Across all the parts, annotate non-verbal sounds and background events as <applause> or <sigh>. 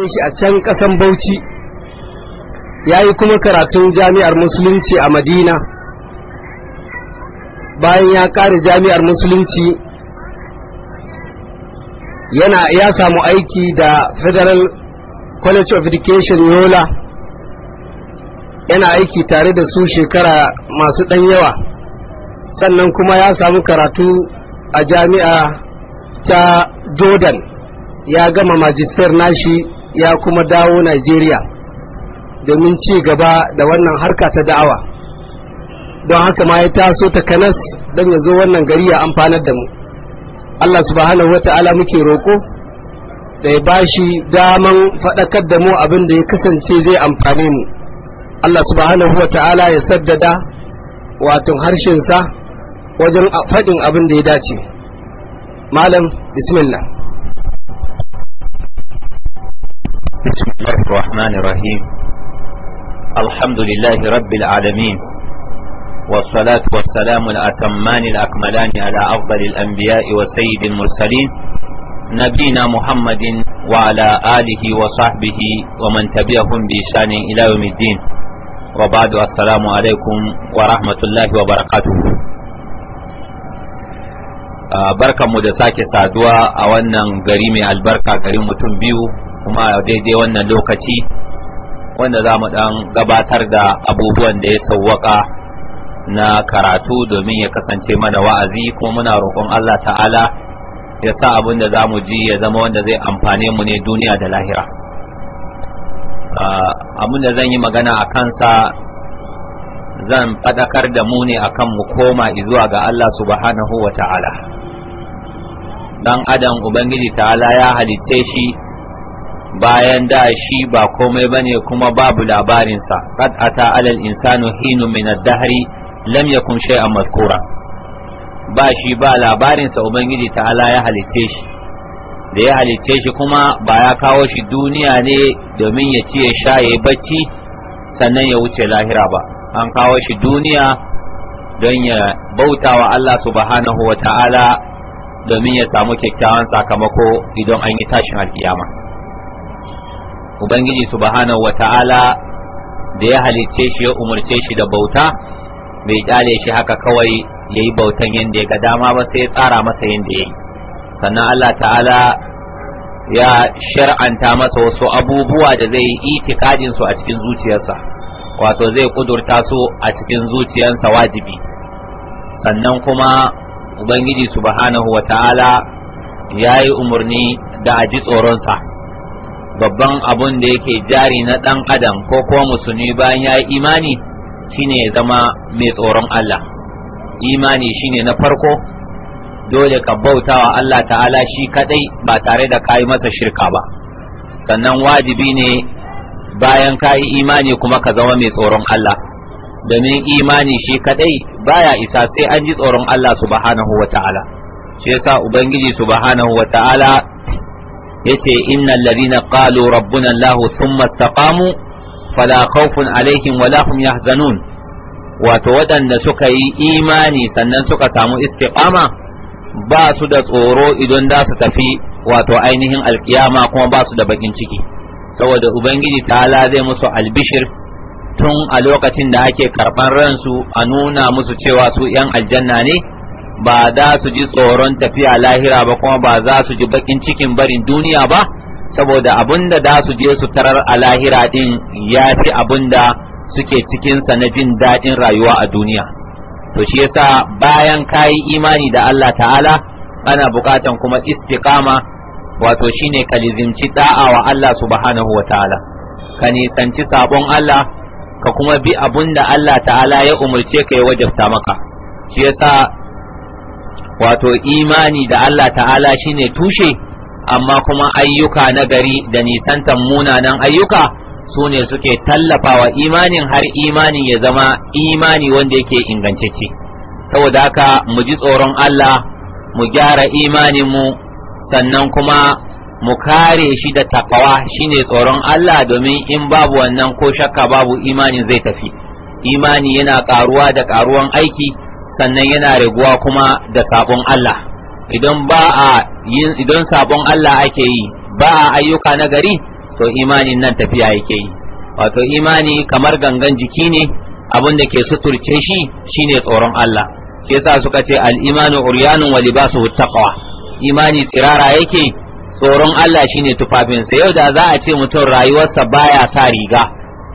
yi shi a can kasan bauchi ya yi kuma karatun jami'ar musulunci a madina bayan ya kare jami'ar musulunci yana ya samu aiki da federal college of education yola yana aiki tare da su shekara masu ɗan yawa sannan kuma ya samu karatu a jami'a ta jordan ya gama majistar nashi ya kuma dawo Najeriya domin ci gaba da wannan harka ta da'awa don haka ma ya taso ta kanas don ya zo wannan gari ya amfanar da mu Allah subhanahu wa ta'ala muke roƙo da ya shi daman faɗakar da mu abin da ya kasance zai amfane mu Allah subhanahu wa ta'ala ya saddada wato harshensa wajen faɗin abin da ya dace malam bismillah بسم الله الرحمن الرحيم الحمد لله رب العالمين والصلاة والسلام الأتمان الأكملان على أفضل الأنبياء وسيد المرسلين نبينا محمد وعلى آله وصحبه ومن تبعهم بإحسان إلى يوم الدين وبعد السلام عليكم ورحمة الله وبركاته barkanmu da sake saduwa a wannan gari mai albarka garin mutum biyu kuma a daidai wannan lokaci wanda za mu dan gabatar da abubuwan da ya sauwaka na karatu domin ya kasance mana wa'azi kuma muna roƙon Allah ta'ala ya sa abin da za mu ji ya zama wanda zai amfane mu ne duniya da lahira abin da zan yi magana a kansa zan faɗakar da mu ne akan mu koma izuwa ga Allah subhanahu wa ta'ala dan adam ubangiji ta'ala ya halicce shi bayan da shi ba komai ba bane kuma babu labarinsa kad ata alal insanu hinu min ad-dahri lam yakun shay'an mazkura ba shi ba labarinsa ubangiji ta Ala ya halicce shi da ya halicce shi kuma ba ya kawo shi duniya ne domin ya ci ya sha ya bacci sannan ya wuce lahira ba an kawo shi duniya don ya bauta wa Allah subhanahu wa ta'ala domin ya samu kyakkyawan sakamako idan an yi tashin alkiyama. ubangiji subhanahu wata'ala da ya halicce shi ya umarce shi da bauta bai kyale shi haka kawai ya yi bautan yadda ya ga dama ba sai ya tsara masa yadda ya yi sannan Allah ta'ala ya shar'anta masa wasu abubuwa da zai yi itikadin su a cikin zuciyarsa wato zai kudurta su a cikin zuciyarsa wajibi sannan kuma ubangiji subhanahu wata'ala ya yi umarni da a ji tsoronsa babban abun da yake jari na ɗan adam ko kuma musulmi bayan ya yi imani shine ya zama mai tsoron Allah imani shine na farko dole ka bautawa Allah ta'ala shi kadai ba tare da kayi masa shirka ba sannan wajibi ne bayan ka yi imani kuma ka zama mai tsoron Allah domin imani shi kadai baya isa sai an ji tsoron Allah subhanahu wa ta'ala shi yasa ubangiji subhanahu wa ta'ala yace innal ladina qalu rabbuna allah thumma istaqamu fala khawfun alaihim wala hum yahzanun wato waɗanda suka yi imani sannan suka samu istiqama ba su da tsoro idan da su tafi wato ainihin alkiyama kuma ba su da bakin ciki saboda ubangiji ta'ala zai musu albishir tun a lokacin da ake karɓan ransu a nuna musu cewa su 'yan aljanna ne ba za su ji tsoron tafiya lahira ba kuma ba za su ji bakin cikin barin duniya ba saboda abinda da su je su tarar a lahira din ya fi abinda suke cikinsa na jin daɗin rayuwa a duniya to shi yasa bayan kayi imani da Allah ta'ala ana buƙatan kuma istiqama wato shine ka lizimci da'a wa Allah subhanahu wa ta'ala ka nisanci sabon Allah ka kuma bi abinda Allah ta'ala ya umarce ka ya wajabta maka shi yasa wato imani da Allah ta'ala shine tushe amma kuma ayyuka na gari da nisantan munanan ayyuka su ne suke tallafawa imanin har imanin ya zama imani wanda yake ingantacce saboda haka mu ji tsoron Allah mu gyara imaninmu sannan kuma mu kare shi da takawa shine tsoron Allah domin in babu wannan ko shakka babu imanin zai tafi imani yana karuwa da karuwan aiki sannan yana raguwa kuma da sabon Allah idan ba a idan sabon Allah ake yi ba a ayyuka na gari to imanin nan tafiya yake yi wato imani kamar gangan jiki ne abin da ke suturce shi shine tsoron Allah ke sa suka ce al-imanu uryanun wa su taqwa imani tsirara yake tsoron Allah shine tufafinsa yau da za a ce mutum rayuwarsa baya sa riga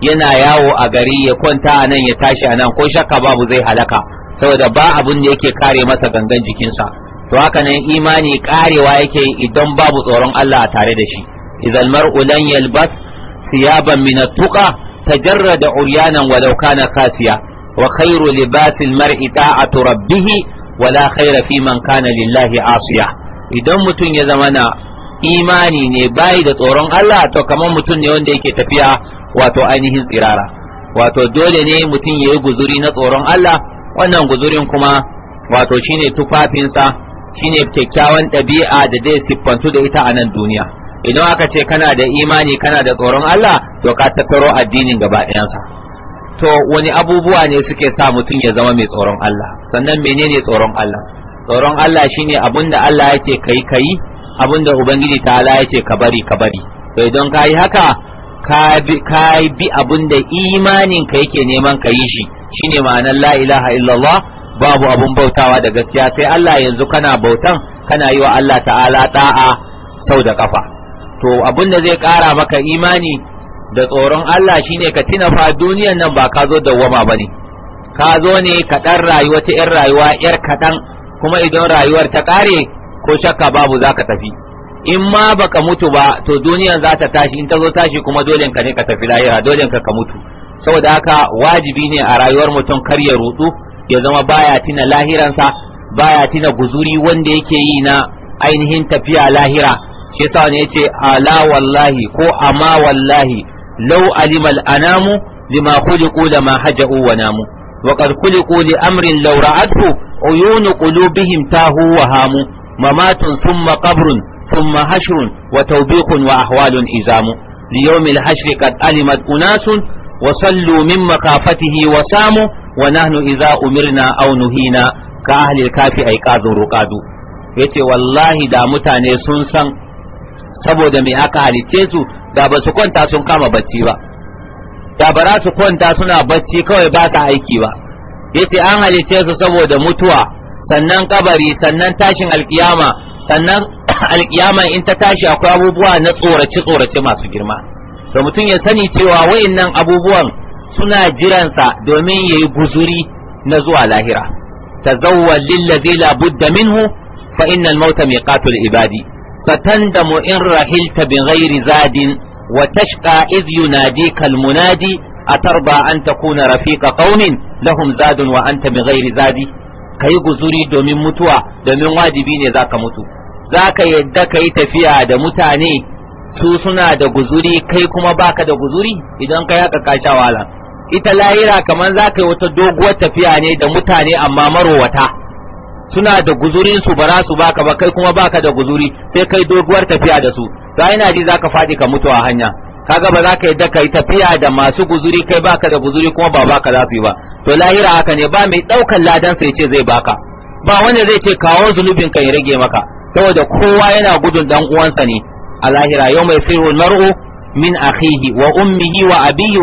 yana yawo a gari ya kwanta anan ya tashi anan, ko shakka babu zai halaka saboda ba abun da yake kare masa gangan jikinsa to haka nan imani karewa yake idan babu tsoron Allah a tare da shi idan mar'u lan yalbas siyaban min at-tuqa tajarrada uryanan walau kana kasiya wa khairu libasil mar'i ta'atu rabbih wala khaira fi man kana lillahi asiya idan mutum ya zamana imani ne bai da tsoron Allah to kamar mutum ne wanda yake tafiya wato ainihin tsirara wato dole ne mutum ya yi guzuri na tsoron Allah wannan guzurin kuma wato shine tufafinsa shine kyakkyawan ɗabi'a da zai siffantu da ita a nan duniya idan aka ce kana da imani kana da tsoron Allah to ka tattaro addinin gaba ɗayansa to wani abubuwa ne suke sa mutum ya zama mai tsoron Allah sannan menene tsoron Allah tsoron Allah shine abin da Allah ya ce kai kai abin da ubangiji ta Allah ya ce ka bari ka bari to idan ka haka ka bi abin da imanin ka yake neman ka yi shi shine ma'anar la ilaha illallah babu abun bautawa da gaskiya sai Allah yanzu kana bautan kana yi wa Allah ta'ala da'a sau da kafa to abin da zai kara maka imani da tsoron Allah shine ka tina fa duniyar nan ba ka zo dawwama bane ka zo ne ka dan rayuwa ta yar rayuwa yar kadan kuma idan rayuwar ta kare ko shakka babu zaka tafi in ma baka mutu ba to duniyan za ta tashi in ta zo tashi kuma dole ka ne ka tafi lahira dole ka ka mutu saboda haka wajibi ne a rayuwar mutum kar ya rutsu ya zama baya tina lahiransa baya tina guzuri wanda yake yi na ainihin tafiya lahira shi yasa ne yace ala wallahi ko ama wallahi law alimal anamu lima khuliqu lama haja'u wa namu wa qad khuliqu li amrin law ra'athu uyunu qulubihim tahu wa hamu mamatun thumma qabrun thumma hashrun wa tawbiqun wa ahwalun izamu li yawmil hashri qad alimat unasun wa sallu min wa samu wa nahnu idza umirna aw nuhina ka ahli al-kafi ay qadhu ruqadu yace wallahi da mutane sun san saboda me aka halice su da basu kwanta sun kama bacci ba da ba su kwanta suna bacci kawai basa aiki ba yace an halice su saboda mutuwa sannan kabari sannan tashin alkiyama sannan <coughs> alkiyama in ta tashi akwai abubuwa na tsorace tsorace masu girma Da mutum ya sani cewa wayannan abubuwan suna jiransa domin yayi guzuri na zuwa lahira tazawwal Lilla la budda minhu fa innal mauta miqatul ibadi satandamu in rahilta bi ghairi zadin wa tashqa idh yunadika al munadi atarba an takuna rafiqa qaumin lahum zadun wa anta bi ghairi zadi ka yi guzuri domin mutuwa domin wajibi ne za ka mutu za ka yadda ka yi tafiya da mutane su suna da guzuri kai kuma baka da guzuri idan ka yaka ka sha ita lahira kamar za ka yi wata doguwar tafiya ne da mutane amma marowata suna da guzurin su bara su baka ba kai kuma baka da guzuri sai kai doguwar tafiya da su to ina ji zaka faɗi ka mutu a hanya kaga ba za ka yadda ka yi tafiya da masu guzuri kai baka da guzuri kuma ba baka za su yi ba to lahira haka ne ba mai ɗaukan ladan sai ce zai baka ba wanda zai ce kawo zunubin ka ya rage maka saboda kowa yana gudun dan uwansa ne a lahira yau mai firu mar'u min akhihi wa ummihi wa abihi